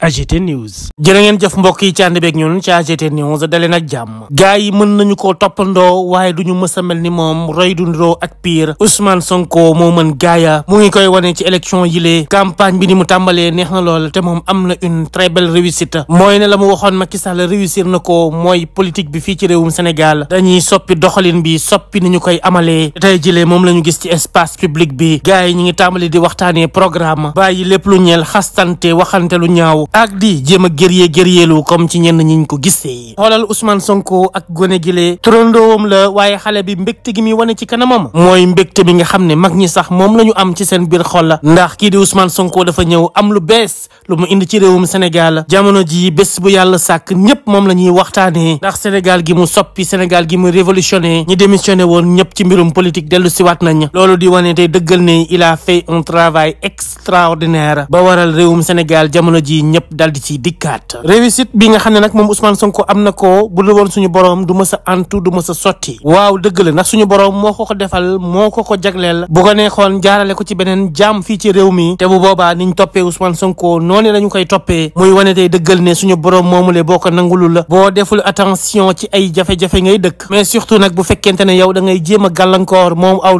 AGT News jërë ngeen jëf mbokk yi ci ànd beeg ñun ci AGT News daleen ak jàmm gars yi mën nañu koo toppandoo waaye duñu mës a mel ni moom roy du ak pire Ousmane Sonko moo mën gaaya mu ngi koy wane ci élection yile campagne bi ni mu tàmbalee neex na lool te moom am na une très belle réussite mooy ne la mu waxoon Macky Sall réussir na ko mooy politique bi fii ci réewum Sénégal dañuy soppi doxalin bi soppi ni ñu koy amalee tey jilee moom la ñu gis ci espace public bi gars yi ñi ngi tàmbali di waxtaanee programme bàyyi lépp lu ñeel xastante waxante lu ñaaw ak di jéem a gërëyee gërëyeelu comme ci ñenn ñiñ ko gisee xoolal Ousmane Sonko ak gone gile turandoowam la waaye xale bi mbégte gi muy wane ci kanamam mooy mbégte mi nga xam ne mag ñi sax moom la ñu am ci seen biir xool la ndax kii di Ousmane Sonko dafa ñëw am lu bees lu mu indi ci réewum Sénégal jamono ji bés bu yàlla sàkk ñëpp moom la ñuy waxtaanee ndax Sénégal gi mu soppi Sénégal gi mu révolutionné ñi démissionné woon ñëpp ci mbirum politique dellu siwaat nañ loolu di wane tey dëggal ne il a fait un travail extraordinaire ba waral réewum jamono ñëpp dal di ciy dikkaat réussite bi nga xam ne nag moom Ousmane Sonko am na ko bu dul woon suñu borom du mës a antu du mës a sotti waaw dëgg ndax suñu borom moo ko ko defal moo ko ko jagleel bu ko xoon jaarale ko ci beneen jaam fii ci réew mi te bu boobaa niñ toppee Ousmane Sonko noone lañu koy toppee muy wane tey dëggal ne suñu borom moomule boo ko nangulul la boo deful attention ci ay jafe-jafe ngay dëkk mais surtout nag bu fekkente ne yow da ngay jéem a gàllankoor moom aw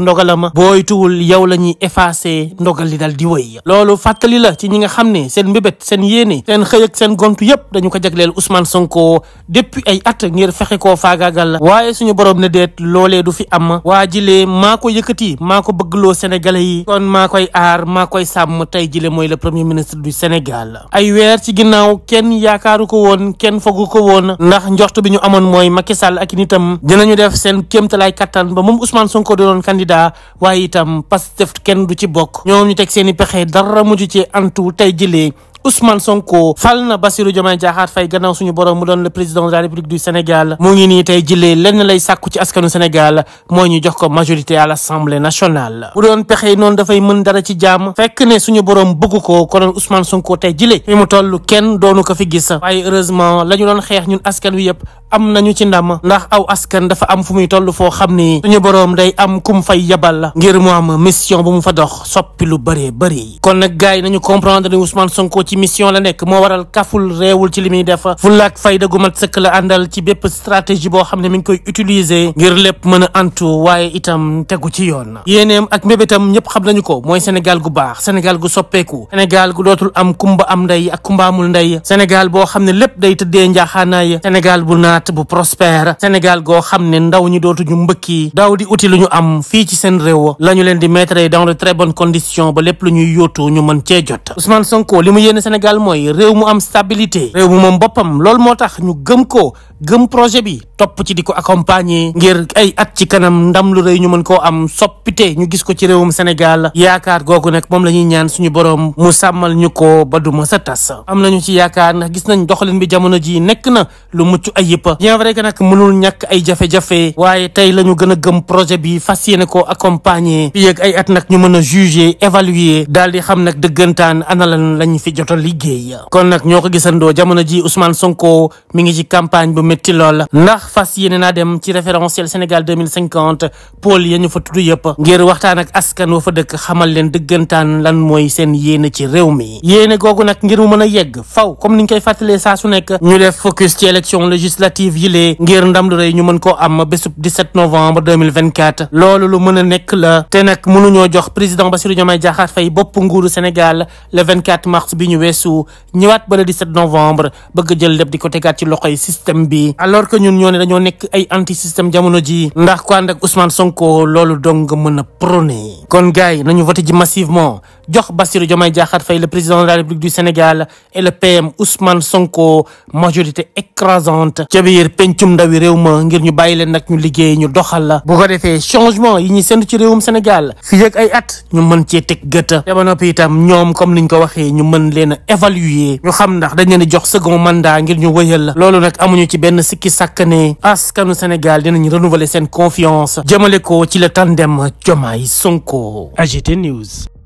booy tuwul yow la ñuy effacer ndogal li dal di wëy ni seen xëy ak seen gontu yëpp dañu ko jagleel Ousmane Sonko depuis ay at ngir fexe koo faagaagal waaye suñu boroom ne deet loole du fi am waa jilee maa ko yëkkati maa ko bëgg loo sénégalais yi kon maa koy aar maa koy sàmm tey jile mooy le premier ministre du Sénégal ay weer ci ginnaaw kenn yaakaaru ko woon kenn fogu ko woon ndax njort bi ñu amoon mooy Macky Sall ak nitam dinañu def seen kéemtalaay kattan ba moom Ousmane Sonko doonoon candidat waaye itam Pastef kenn du ci bokk ñoom ñu seen i pexe dara mujj Ousmane Sonko fal na Bassirou Diomaye Diakhar Faye gannaaw suñu borom mu doon le président de la République du Sénégal mu ngi nii tey jëlee lenn lay sàkku ci askanu Sénégal mooy ñu jox ko majorité à l'Assemblée nationale bu doon pexe noonu dafay mën dara ci jàmm fekk ne suñu borom bëgg ko konoon Ousmane Sonko tey jëlee fi mu toll kenn doonu ko fi gis waaye heureusement la ñu doon xeex ñun askan wi yëpp am na ñu ci ndam ndax aw askan dafa am fu muy toll foo xam ni suñu borom day am kum fay yabal ngir mu mission bu mu fa dox soppi lu bëree bëri ci mission la nekk moo waral kaful réewul ci li muy def fulaak fayda gu mat sëkk la àndal ci bépp stratégie boo xam ne mi ngi koy utiliser ngir lépp mën a antu waaye itam tegu ci yoon yéeneem ak mébétam ñëpp xam nañu ko mooy Sénégal gu baax Sénégal gu soppeeku Sénégal dootul am kumba am ndey ak kumba amul ndey Sénégal boo xam ne lépp day tëddee njaaxaanaay Sénégal bu naat bu prospère Sénégal goo xam ne ndaw ñi dootuñu mbëkki daw di uti lu ñu am fii ci seen réew la ñu leen di mettre dans de très bonnes conditions ba lépp lu ñuy yóotu ñu mën cee jot Sénégal mooy réew mu am stabilité réew mu moom boppam lool moo tax ñu gëm ko gëm projet bi topp ci di ko accompagner ngir ay at ci kanam ndam lu rëy ñu mën koo am soppite ñu gis ko ci réewum Sénégal yaakaar googu nag moom la ñuy ñaan suñu borom mu sàmmal ñu ko ba du ma sa tas am nañu ci yaakaar ndax gis nañ doxalin bi jamono ji nekk na lu mucc ayib bien vrai que nag mënul ñàkk ay jafe waaye tey la ñu gën a gëm projet bi fas yéene ko accompagner fii ay at nag ñu mën a juger évaluer daal di xam nag dëggantaan ana lan lañ fi jot jot a liggéey kon nag ñoo ko gisandoo jamono ji Ousmane Sonko mi ngi ci campagne bu métti lool ndax fas yéene naa dem ci référentiel Sénégal 2050 pôle ñu fa tudd yëpp ngir waxtaan ak askan wa fa dëkk xamal leen dëggantaan lan mooy seen yéene ci réew mi yéene googu nag ngir mu mën a yegg faw comme ni ñu koy fàttalee nekk ñu def focus ci élection législative yi ngir ndam lu ñu mën koo am bésub novembre loolu lu mën a nekk la te nag mënuñoo jox weesu ñëwaat ba le 17 novembre bëgg jël lépp di ko tegaat ci loxoy système bi alors que ñun ñoo dañoo nekk ay anti système jamono ji ndax ko ànd ak Sonko loolu dong nga mën a kon gars nañu voté ji massivement jox Bassirou Diomaye Diakhar Faye le président de la République du Sénégal et le PM Ousmane Sonko majorité écrasante ca biir pencum ndawi réew ma ngir ñu bàyyi leen nag ñu liggéey ñu doxal la bu ko defee changement yi ñuy séntu ci réewum Sénégal fi ak ay at ñu mën cee teg gëta te ba itam ñoom comme niñ ko waxee ñu mën leen a évaluer ñu xam ndax dañ leen di jox second mandat ngir ñu wëyal la loolu nag amuñu ci benn sikki sàkkane askanu Sénégal dinañ renouveler seen confiance jëmale ko ci le tandem Diomaye Sonko AGT News